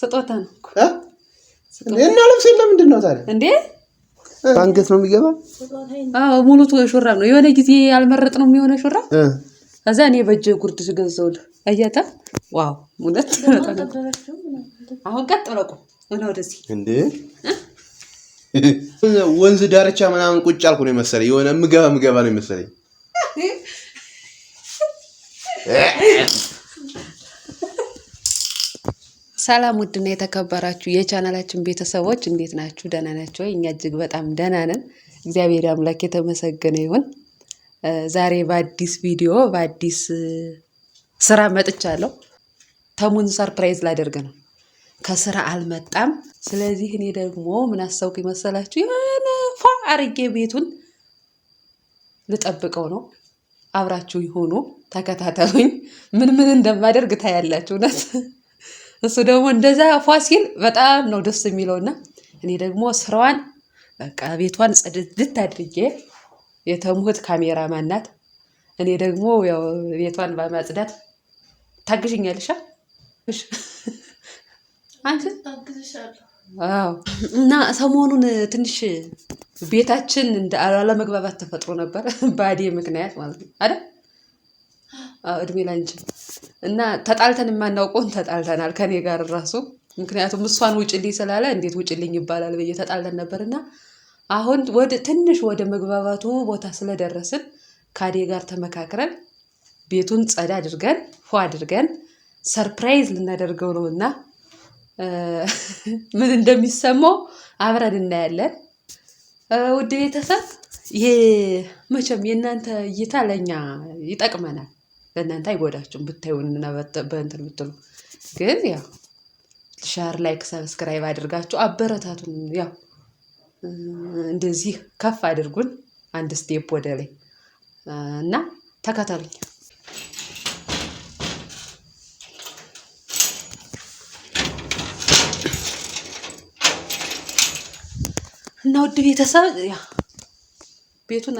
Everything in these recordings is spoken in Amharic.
ስጦታ ነው እና ልብስ የለም። ነው ታዲያ? እንዴ ባንገት ነው የሚገባ? ሙሉ ሹራብ ነው። የሆነ ጊዜ ያልመረጥ ነው የሚሆነ ሹራብ እዛ እኔ በእጅ ጉርድ ገዘውልህ አያጣ ዋው ሙለት አሁን ቀጥ ብለቁ ሆነ ወደዚህ እንዴ ወንዝ ዳርቻ ምናምን ቁጭ አልኩ ነው የመሰለኝ። የሆነ ምገባ ምገባ ነው የመሰለኝ። ሰላም ውድና የተከበራችሁ የቻናላችን ቤተሰቦች እንዴት ናችሁ? ደህና ናችሁ ወይ? እኛ እጅግ በጣም ደህና ነን። እግዚአብሔር አምላክ የተመሰገነ ይሁን። ዛሬ በአዲስ ቪዲዮ በአዲስ ስራ መጥቻለሁ። ተሙን ሰርፕራይዝ ላደርግ ነው። ከስራ አልመጣም። ስለዚህ እኔ ደግሞ ምን አሰብኩ ይመሰላችሁ? የሆነ ፏ አርጌ ቤቱን ልጠብቀው ነው። አብራችሁ ይሆኑ ተከታተሉኝ። ምን ምን እንደማደርግ ታያላችሁ። እውነት እሱ ደግሞ እንደዛ ፏ ሲል በጣም ነው ደስ የሚለው እና እኔ ደግሞ ስራዋን በቃ ቤቷን ጽድት አድርጌ የተሙህት ካሜራ ማናት እኔ ደግሞ ያው ቤቷን በማጽዳት ታግዥኛልሻ አንቺ እና ሰሞኑን ትንሽ ቤታችን እንደ አለመግባባት ተፈጥሮ ነበር፣ በአዴ ምክንያት ማለት ነው አይደል እድሜ ላንቺም እና ተጣልተን የማናውቀውን ተጣልተናል ከኔ ጋር ራሱ ምክንያቱም እሷን ውጭልኝ ስላለ እንዴት ውጭልኝ ይባላል ብዬ ተጣልተን ነበርና አሁን ወደ ትንሽ ወደ መግባባቱ ቦታ ስለደረስን ካዴ ጋር ተመካክረን ቤቱን ጸዳ አድርገን ፎ አድርገን ሰርፕራይዝ ልናደርገው ነው እና ምን እንደሚሰማው አብረን እናያለን። ውድ ቤተሰብ መቼም የእናንተ እይታ ለእኛ ይጠቅመናል። ለእናንተ አይጎዳችሁም ብታዩንና በእንትን ብትሉ ግን ያው ሸር ላይክ ሰብስክራይብ አድርጋችሁ አበረታቱን። ያው እንደዚህ ከፍ አድርጉን አንድ ስቴፕ ወደ ላይ እና ተከተሉኝ። እና ውድ ቤተሰብ ቤቱን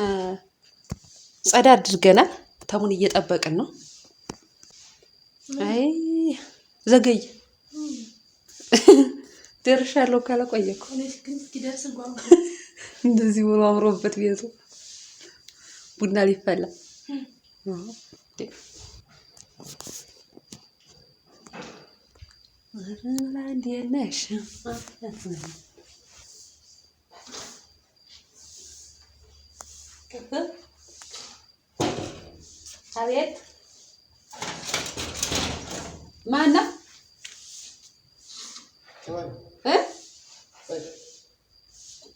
ጸዳ አድርገናል። ተሙን እየጠበቅን ነው። አይ ዘገይ ደርሻለሁ ያለው ቆየ እኮ እንደዚህ ብሎ አምሮበት ቤቱ ቡና ሊፈላ እንዴት አቤት ማነው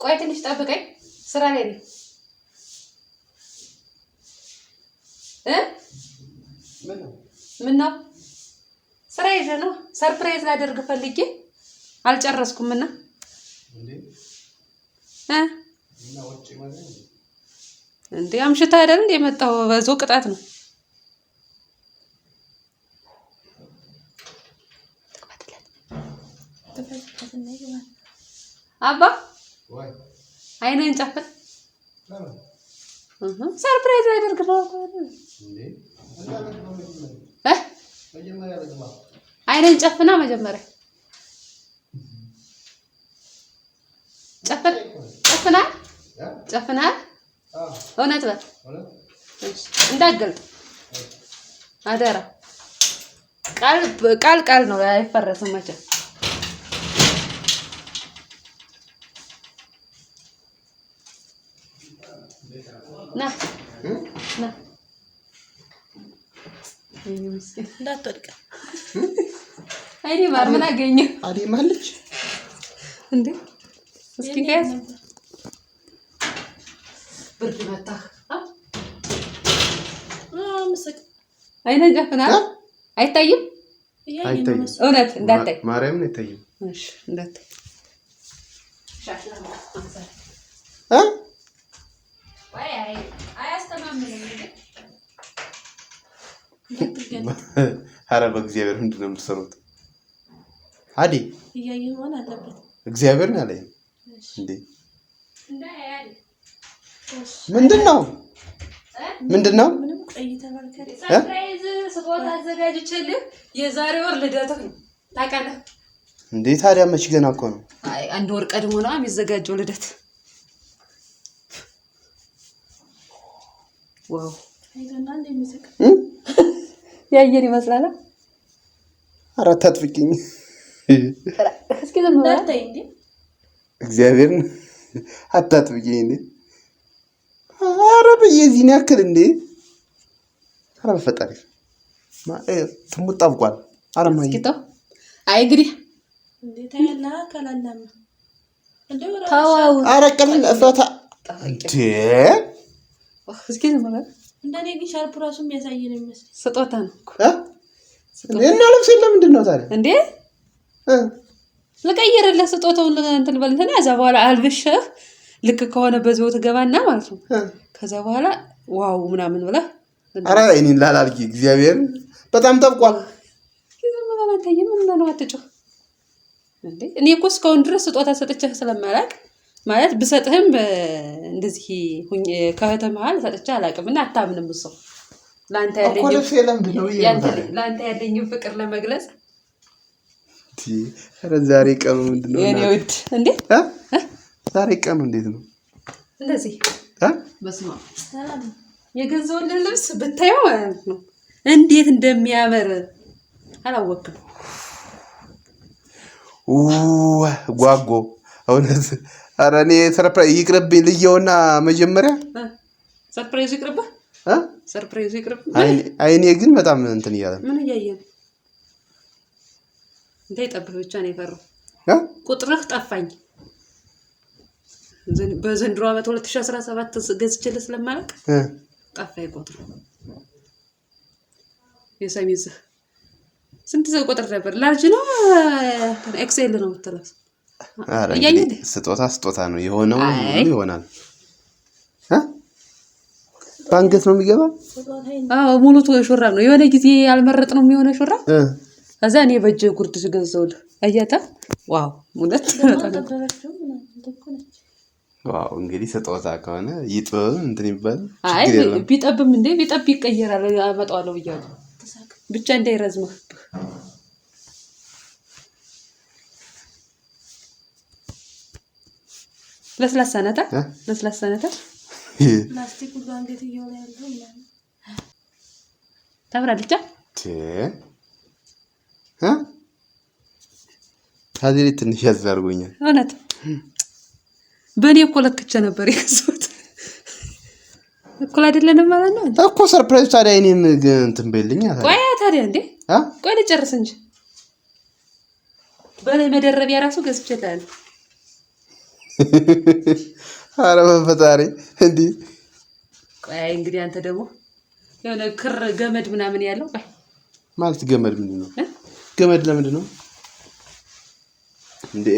ቆይ ትንሽ ጠብቀኝ፣ ስራ ላይ ነኝ ምነው ስራ ይዤ ነው። ሰርፕራይዝ ላደርግ ፈልጌ አልጨረስኩም እና እንደ አምሽታ አይደል እንደ የመጣው በዛው ቅጣት ነው። አባ አይነን ጨፍን ሰርፕራይዝ ያደርግ ነው። አይነን ጨፍና መጀመሪያ ጨፍን ጨፍና ጨፍና እውነት በል እንዳገልጥ አደራ ቃል ቃል ነው አይፈረስም መቼም እንዳትወድቅ። አይኔ ማር ምን አገኘ? አዴም አለች እንዴ? እስኪ ከያዝ ብርድ መታ አይነ አይታይም። እውነት እንዳታይ ማርያምን አይታይም። እሺ እንዳታይ አረ በእግዚአብሔር ምንድን ነው የምትሰሩት? አዴ እያየህ መሆን አለበት። እግዚአብሔርን አለኝ እንዴ! ምንድን ነው ምንድን ነው? ስጦታ አዘጋጅቼልህ የዛሬ ወር ልደትህ ነው ታውቃለህ እንዴ? ታዲያ መች ገና እኮ ነው። አንድ ወር ቀድሞ ነው የሚዘጋጀው ልደት የአየር ይመስላል። አራት አጥፍቂኝ እግዚአብሔርን አታጥብቂኝ እንዴ! አረ በየዚህን ያክል እንዴ! አረ በፈጣሪ ትሙት ጠብቋል። አረማኝ አይ እንግዲህ ተዋው። ኧረ ቀልል እፍረታ እንዴ! እስኪ እንደኔ ግን ሻርፕ ራሱ የሚያሳይ ነው የሚመስል ስጦታ ነው እና ልብስ ምንድን ነው ታዲያ? እንዴ ልቀይርልህ ስጦታውን እንትን እዛ በኋላ አልብሸህ ልክ ከሆነ በዚያው ትገባና ማለት ነው። ከዛ በኋላ ዋው ምናምን ብለህ እኔን ላላልጊ እግዚአብሔር በጣም ጠብቋል። ምን ነው አትጮህ እንዴ! እኔ እኮ እስካሁን ድረስ ስጦታ ሰጥቼህ ስለማላውቅ ማለት ብሰጥህም እንደዚህ ከእህት መሀል ሰጥቼ አላውቅም እና አታምንም። እሱ ለአንተ ያለኝም ፍቅር ለመግለጽ ዛሬ ቀኑ ምንድን ነው? እንዴት ዛሬ ቀኑ እንዴት ነው? እንደዚህ የገዛሁልህ ልብስ ብታየው ማለት ነው እንዴት እንደሚያምር አላወቅም። ጓጎ እውነት ኧረ እኔ ሰርፕራይዝ ይቅርብኝ። ልየውና መጀመሪያ ሰርፕራይዝ ይቅርብህ፣ ሰርፕራይዝ ይቅርብ። አይኔ ግን በጣም እንትን እያለ ምን እያየህ ነው? እንዳይጠብህ ብቻ ነው የፈራው። ቁጥርህ ጠፋኝ። በዘንድሮ ዓመት 2017 ገዝቼልህ ስለማለቅ ጠፋኝ ቁጥር የሰሚዝህ ስንት ቁጥር ነበር? ላርጅ ነው ኤክስኤል ነው የምትለብሰው? ስጦታ ስጦታ ነው። የሆነው ይሆናል። በአንገት ነው የሚገባ። ሙሉ ሹራብ ነው። የሆነ ጊዜ ያልመረጥ ነው የሚሆነ ሹራብ ከዛ እኔ በእጅ ጉርድ ገዘውል አያጣ ዋው ሙለት ዋው እንግዲህ ስጦታ ከሆነ ይጥብ እንትን ይባል። አይ ቢጠብም እንዴ ቢጠብ ይቀየራል። አመጣዋለሁ ብያለሁ። ብቻ እንዳይረዝምህ ለስላሳ ነታ ለስላሳ ነታ ታምራለች። ታዲያ ትንሽ ያዝ አድርጎኛል። እውነት በእኔ እኮ ለክቼ ነበር የገዛሁት። እኩል አይደለንም ማለት ነው እኮ ሰርፕራይዙ። ታዲያ እኔን እንትን በይልኝ። ቆይ ታዲያ እንዴ ቆይ ልጨርስ እንጂ በላይ መደረቢያ ራሱ ገዝቼ አረ በፈጣሪ እንዲ ቆይ እንግዲህ አንተ ደግሞ የሆነ ክር ገመድ ምናምን ያለው ማለት ገመድ ምንድን ነው? ገመድ ለምንድን ነው እንዴ?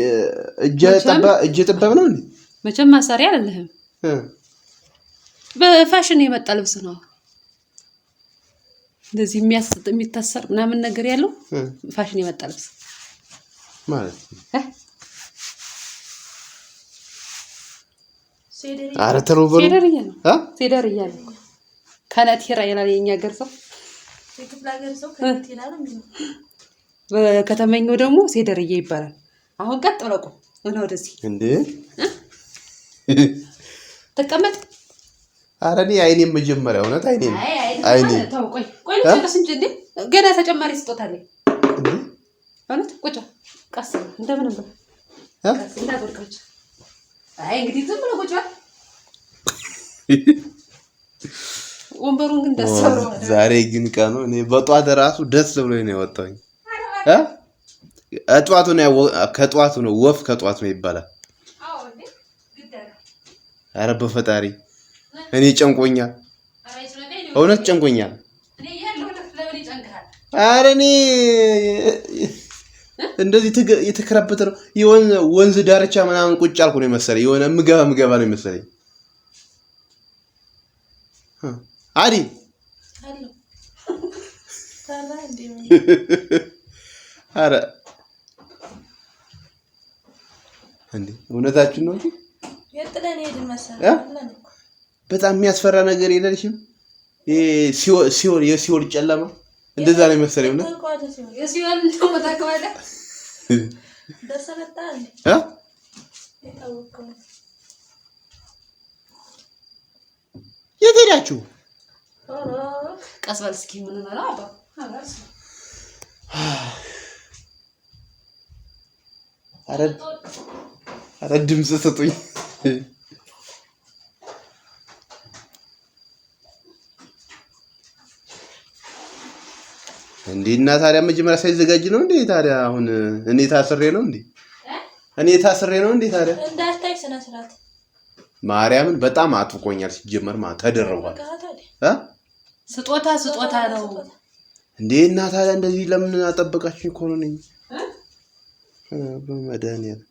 እጅ ነው እንዴ? መቼም ማሰሪያ አይደለህም። በፋሽን የመጣ ልብስ ነው። እንደዚህ የሚያስጥ የሚታሰር ምናምን ነገር ያለው ፋሽን የመጣ ልብስ ማለት ነው። ኧረ ተው በሉ ሴደር እያለ ከነቴራ ይላል የኛ ሀገር ሰው። ከተመኘው ደግሞ ሴደርዬ ይባላል። አሁን ቀጥ ብለቁ ቁም ሆነ ወደዚህ እንዴ ተቀመጥ። ኧረ እኔ መጀመሪያ እውነት አይኔ አይኔ ቆይ ቆይ ልጨርስ እንጂ እንዴ ገና ተጨማሪ ስጦታ አለኝ። እውነት ቁጭ ቀስ እንደምንም ብለህ እንዳትወድቃቸው አይ እንግዲህ ዝም ብሎ ቁጭ ወንበሩን ግን ደስ ብሎ ዛሬ ግን ቀኑ እኔ በጧት ራሱ ደስ ብሎ ነው የወጣኝ። እጧቱ ነው ከጧቱ ነው ወፍ ከጧት ነው ይባላል። አረ በፈጣሪ እኔ ጨንቆኛል፣ እውነት ጨንቆኛል። አረ እኔ እንደዚህ የተከረበተ ነው። የሆነ ወንዝ ዳርቻ ምናምን ቁጭ አልኩ ነው የመሰለኝ። የሆነ ምገባ ምገባ ነው የመሰለኝ። አዲ አረ እንዴ እውነታችን ነው እንጂ በጣም የሚያስፈራ ነገር የለልሽም። ሲኦል የሲኦል ጨለማ እንደዛ ነው የመሰለኝ ነው። የት ሄዳችሁ? ቀስ በል እስኪ የምንመራው አባ ኧረ ድምፅ ስጡኝ። እንዴ እና ታዲያ መጀመሪያ ሳይዘጋጅ ነው እንዴ? ታዲያ አሁን እኔ ታስሬ ነው እንዴ? እኔ ታስሬ ነው እንዴ? ታዲያ እንዳታይ ስነ ስርዓት ማርያምን በጣም አጥብቆኛል። ሲጀመር ማ ተደረጓል። ስጦታ ስጦታ ነው እንዴ? እና ታዲያ እንደዚህ ለምን አጠበቃችሁ? ይኮኑ ነኝ በመድኃኒዓለም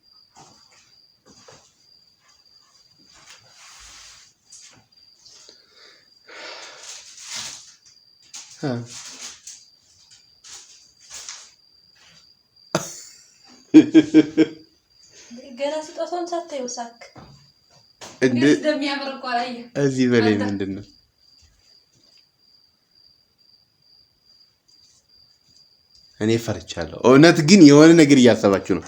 እ ገና ስጦታውን ሳታየው ሳክ እንደ እንደሚያምር እኮ አላየህ። እዚህ በላይ ምንድን ነው? እኔ ፈርቻለሁ። እውነት ግን የሆነ ነገር እያሰባችሁ ነው።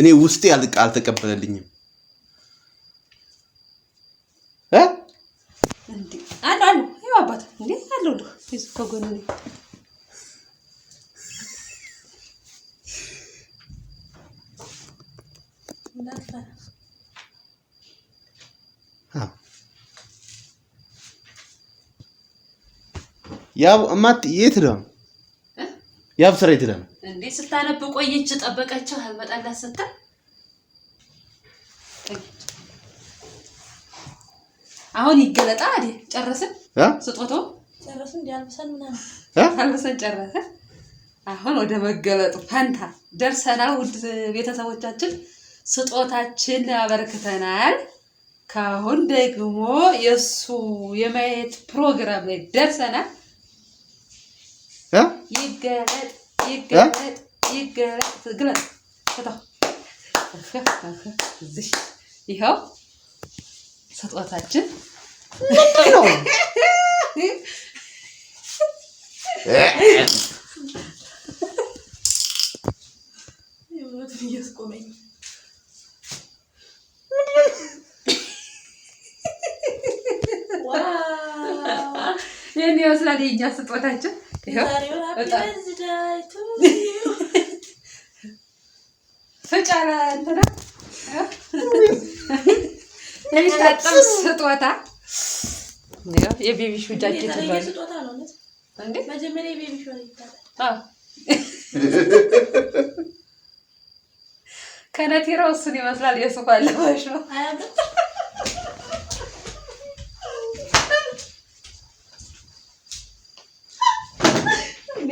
እኔ ውስጤ አልተቀበለልኝም። አሉ አሉ አባት እንዴ አሉ ከጎን ያው እማት የት ነው? ያው ስራ የት ነው እንዴ? ስታነብ ቆየች። ጠበቀችው አልመጣላት ስትል አሁን ይገለጣ አይደል? ጨረስን ስጦታው ጨረስን። ዲያልብሰን ምናምን አልብሰን ጨረስን። አሁን ወደ መገለጡ ፈንታ ደርሰናል። ውድ ቤተሰቦቻችን ስጦታችን አበርክተናል። ካሁን ደግሞ የእሱ የማየት ፕሮግራም ላይ ደርሰናል። ይገለጥ ይገለጥ ይገለጥ። ይኸው ስጦታችን ነው። ይህን ይመስላል የእኛ ስጦታችን። ፍጫለ እንትና የሚታጠብ ስጦታ የቤቢሹ ሹ ጃኬት ከነቴራው እሱን ይመስላል። የሱፋ ለባሽ ነው።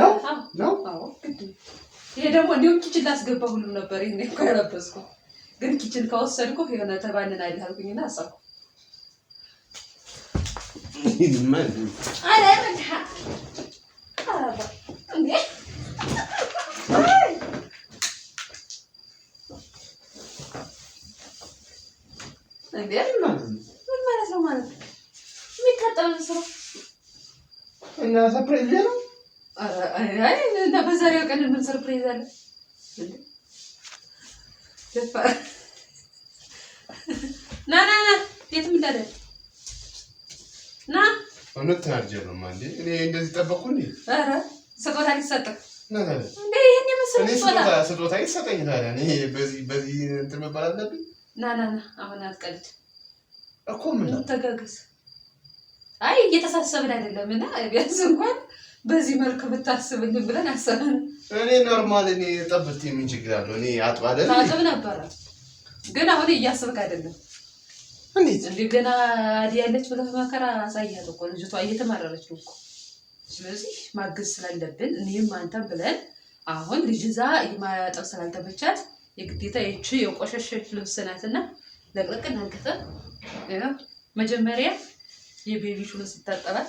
ነው ነው። ይሄ ደግሞ እንዲሁም ኪችን ላስገባ ሁሉ ነበር። ይሄን እኮ ያለበስኩ ግን ኪችን ከወሰድኩ የሆነ ተባንን አይልሃልኩኝና አሳኩ። እና ሰፕሬዝ ነው እና በዛሬው ቀን ምን ሰርፕሬዝ አለ? ና ና ና የትም እንዳለ ና። እውነት ተናድጃለሁ። ማንዴ እኔ እንደዚህ ጠበቅኩ እንዴ? ኧረ ስጦታ ሊሰጥህ ስጦታ ይሰጠኝ ታዲያ? እኔ በዚህ በዚህ እንትን መባል አለብኝ? ና ና ና፣ አሁን አትቀልድ እኮ ምን ተጋገዝ። አይ እየተሳሰብን አይደለም እና ቢያንስ እንኳን በዚህ መልክ ብታስብልን ብለን አሰብን። እኔ ኖርማል እኔ ጠብት የምን ችግር አለው? እኔ አጥባለ አጥብ ነበረ፣ ግን አሁን እያስብክ አይደለም። እንዴት እንዲህ ገና አዲ ያለች ብለህ መከራ አሳያት እኮ ልጅቷ እየተማረረች ነው እኮ። ስለዚህ ማገዝ ስላለብን እኔም አንተም ብለን አሁን ልጅ እዛ የማጠብ ስላልተመቻት የግዴታ ይቺ የቆሸሸች ልብስ ናትና ለቅለቅ እናንከተ መጀመሪያ የቤቢ ሹን ስታጠባት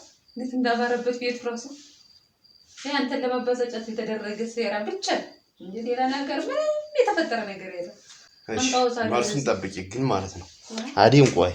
እንዴት እንዳበረበት ቤት ራሱ አንተን ለማበሳጨት የተደረገ ሴራ ብቻ እንጂ ሌላ ነገር ምንም የተፈጠረ ነገር የለም። እሺ መልሱን ጠብቂ ግን ማለት ነው አዲም ቆይ